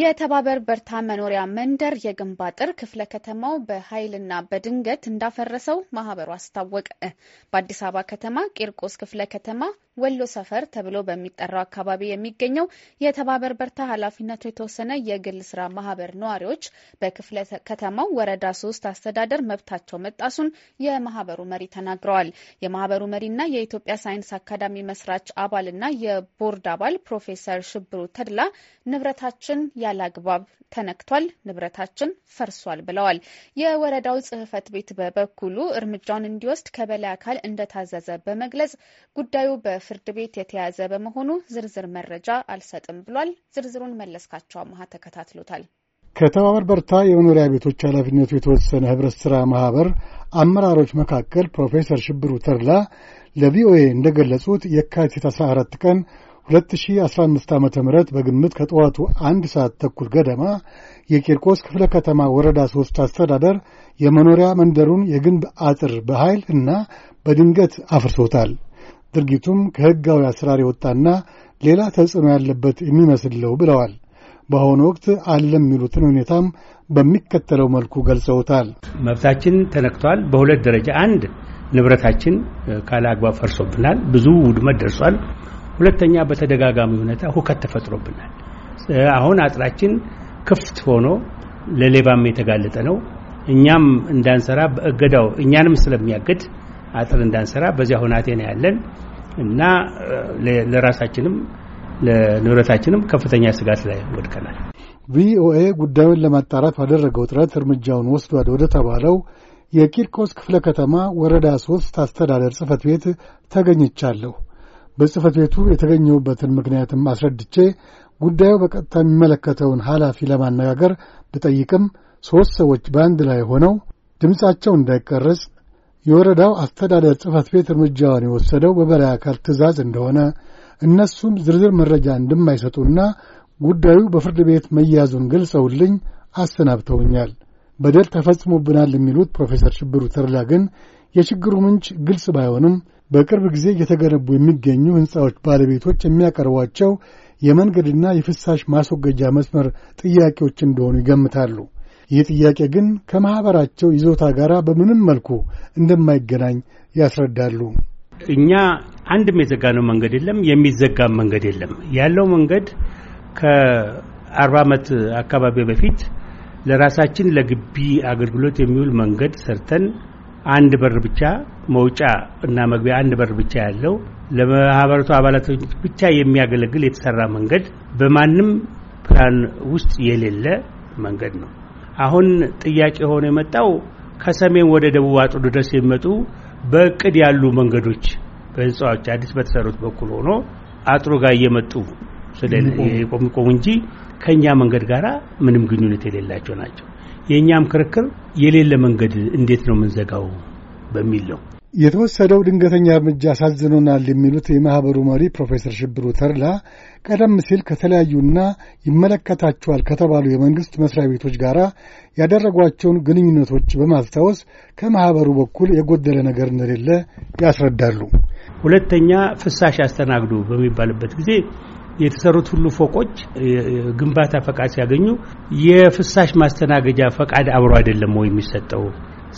የተባበር በርታ መኖሪያ መንደር የግንብ አጥር ክፍለ ከተማው በኃይልና በድንገት እንዳፈረሰው ማህበሩ አስታወቀ። በአዲስ አበባ ከተማ ቂርቆስ ክፍለ ከተማ ወሎ ሰፈር ተብሎ በሚጠራው አካባቢ የሚገኘው የተባበር በርታ ኃላፊነቱ የተወሰነ የግል ስራ ማህበር ነዋሪዎች በክፍለ ከተማው ወረዳ ሶስት አስተዳደር መብታቸው መጣሱን የማህበሩ መሪ ተናግረዋል። የማህበሩ መሪና የኢትዮጵያ ሳይንስ አካዳሚ መስራች አባልና የቦርድ አባል ፕሮፌሰር ሽብሩ ተድላ ንብረታችን ያለ አግባብ ተነክቷል፣ ንብረታችን ፈርሷል ብለዋል። የወረዳው ጽህፈት ቤት በበኩሉ እርምጃውን እንዲወስድ ከበላይ አካል እንደታዘዘ በመግለጽ ጉዳዩ በፍርድ ቤት የተያዘ በመሆኑ ዝርዝር መረጃ አልሰጥም ብሏል። ዝርዝሩን መለስካቸው አመሃ ተከታትሎታል። ከተባበር በርታ የመኖሪያ ቤቶች ኃላፊነቱ የተወሰነ ህብረት ሥራ ማኅበር አመራሮች መካከል ፕሮፌሰር ሽብሩ ተድላ ለቪኦኤ እንደገለጹት የካቲት 14 ቀን 2015 ዓ ም በግምት ከጠዋቱ አንድ ሰዓት ተኩል ገደማ የቂርቆስ ክፍለ ከተማ ወረዳ ሦስት አስተዳደር የመኖሪያ መንደሩን የግንብ አጥር በኃይል እና በድንገት አፍርሶታል። ድርጊቱም ከሕጋዊ አሰራር የወጣና ሌላ ተጽዕኖ ያለበት የሚመስል ነው ብለዋል። በአሁኑ ወቅት አለም የሚሉትን ሁኔታም በሚከተለው መልኩ ገልጸውታል። መብታችን ተነክቷል በሁለት ደረጃ አንድ ንብረታችን ካለ አግባብ ፈርሶብናል፣ ብዙ ውድመት ደርሷል። ሁለተኛ በተደጋጋሚ ሁኔታ ሁከት ተፈጥሮብናል። አሁን አጥራችን ክፍት ሆኖ ለሌባም የተጋለጠ ነው። እኛም እንዳንሰራ በእገዳው እኛንም ስለሚያግድ አጥር እንዳንሰራ በዚያ ሁናቴ ነው ያለን እና ለራሳችንም ለንብረታችንም ከፍተኛ ስጋት ላይ ወድቀናል። ቪኦኤ ጉዳዩን ለማጣራት ባደረገው ጥረት እርምጃውን ወስዷል ወደ ተባለው የቂርቆስ ክፍለ ከተማ ወረዳ ሶስት አስተዳደር ጽህፈት ቤት ተገኝቻለሁ። በጽህፈት ቤቱ የተገኘሁበትን ምክንያትም አስረድቼ ጉዳዩ በቀጥታ የሚመለከተውን ኃላፊ ለማነጋገር ብጠይቅም ሦስት ሰዎች በአንድ ላይ ሆነው ድምፃቸው እንዳይቀረጽ የወረዳው አስተዳደር ጽህፈት ቤት እርምጃውን የወሰደው በበላይ አካል ትእዛዝ እንደሆነ እነሱም ዝርዝር መረጃ እንደማይሰጡና ጉዳዩ በፍርድ ቤት መያዙን ገልጸውልኝ አሰናብተውኛል። በደል ተፈጽሞብናል የሚሉት ፕሮፌሰር ሽብሩ ተድላ ግን የችግሩ ምንጭ ግልጽ ባይሆንም በቅርብ ጊዜ እየተገነቡ የሚገኙ ሕንፃዎች ባለቤቶች የሚያቀርቧቸው የመንገድና የፍሳሽ ማስወገጃ መስመር ጥያቄዎች እንደሆኑ ይገምታሉ። ይህ ጥያቄ ግን ከማኅበራቸው ይዞታ ጋር በምንም መልኩ እንደማይገናኝ ያስረዳሉ። እኛ አንድም የዘጋነው መንገድ የለም፣ የሚዘጋም መንገድ የለም። ያለው መንገድ ከአርባ ዓመት አካባቢ በፊት ለራሳችን ለግቢ አገልግሎት የሚውል መንገድ ሰርተን አንድ በር ብቻ መውጫ እና መግቢያ አንድ በር ብቻ ያለው ለማህበረቱ አባላቶች ብቻ የሚያገለግል የተሰራ መንገድ በማንም ፕላን ውስጥ የሌለ መንገድ ነው። አሁን ጥያቄ ሆኖ የመጣው ከሰሜን ወደ ደቡብ አጥሩ ድረስ የሚመጡ በእቅድ ያሉ መንገዶች በህንፃዎች አዲስ በተሰሩት በኩል ሆኖ አጥሩ ጋር እየመጡ የሚቆሙ እንጂ ከእኛ መንገድ ጋር ምንም ግንኙነት የሌላቸው ናቸው። የእኛም ክርክር የሌለ መንገድ እንዴት ነው የምንዘጋው በሚል ነው የተወሰደው ድንገተኛ እርምጃ አሳዝኖናል የሚሉት የማኅበሩ መሪ ፕሮፌሰር ሽብሩ ተርላ ቀደም ሲል ከተለያዩና ይመለከታቸዋል ከተባሉ የመንግሥት መሥሪያ ቤቶች ጋር ያደረጓቸውን ግንኙነቶች በማስታወስ ከማኅበሩ በኩል የጎደለ ነገር እንደሌለ ያስረዳሉ። ሁለተኛ ፍሳሽ አስተናግዱ በሚባልበት ጊዜ የተሰሩት ሁሉ ፎቆች ግንባታ ፈቃድ ሲያገኙ የፍሳሽ ማስተናገጃ ፈቃድ አብሮ አይደለም ወይ የሚሰጠው?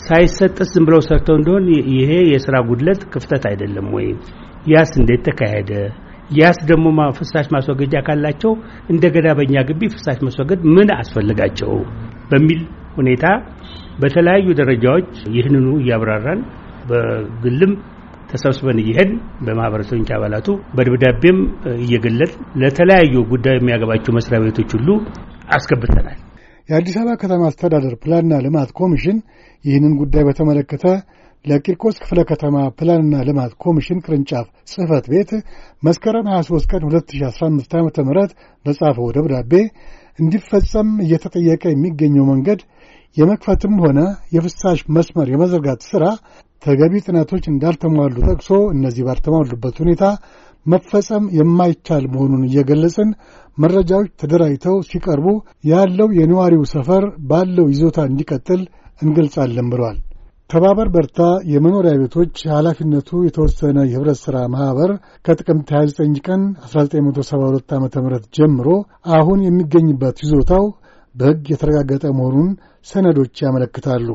ሳይሰጥስ ዝም ብለው ሰርተው እንደሆን ይሄ የስራ ጉድለት ክፍተት አይደለም ወይ? ያስ እንዴት ተካሄደ? ያስ ደግሞ ፍሳሽ ማስወገጃ ካላቸው እንደገና በእኛ ግቢ ፍሳሽ ማስወገድ ምን አስፈልጋቸው በሚል ሁኔታ በተለያዩ ደረጃዎች ይህንኑ እያብራራን በግልም ተሰብስበን እየሄድን በማህበረሰብ አባላቱ በደብዳቤም እየገለጥ ለተለያዩ ጉዳይ የሚያገባቸው መስሪያ ቤቶች ሁሉ አስገብተናል። የአዲስ አበባ ከተማ አስተዳደር ፕላንና ልማት ኮሚሽን ይህንን ጉዳይ በተመለከተ ለቂርቆስ ክፍለ ከተማ ፕላንና ልማት ኮሚሽን ቅርንጫፍ ጽህፈት ቤት መስከረም 23 ቀን 2015 ዓ ም በጻፈው ደብዳቤ እንዲፈጸም እየተጠየቀ የሚገኘው መንገድ የመክፈትም ሆነ የፍሳሽ መስመር የመዘርጋት ሥራ ተገቢ ጥናቶች እንዳልተሟሉ ጠቅሶ እነዚህ ባልተሟሉበት ሁኔታ መፈጸም የማይቻል መሆኑን እየገለጽን መረጃዎች ተደራጅተው ሲቀርቡ ያለው የነዋሪው ሰፈር ባለው ይዞታ እንዲቀጥል እንገልጻለን ብሏል። ተባበር በርታ የመኖሪያ ቤቶች ኃላፊነቱ የተወሰነ የህብረት ሥራ ማኅበር ከጥቅምት 29 ቀን 1972 ዓ ም ጀምሮ አሁን የሚገኝበት ይዞታው በሕግ የተረጋገጠ መሆኑን ሰነዶች ያመለክታሉ።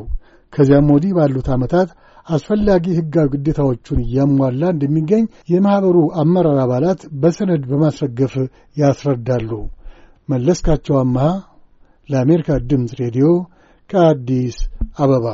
ከዚያም ወዲህ ባሉት ዓመታት አስፈላጊ ሕጋዊ ግዴታዎቹን እያሟላ እንደሚገኝ የማኅበሩ አመራር አባላት በሰነድ በማስረገፍ ያስረዳሉ። መለስካቸው አመሃ ለአሜሪካ ድምፅ ሬዲዮ ከአዲስ አበባ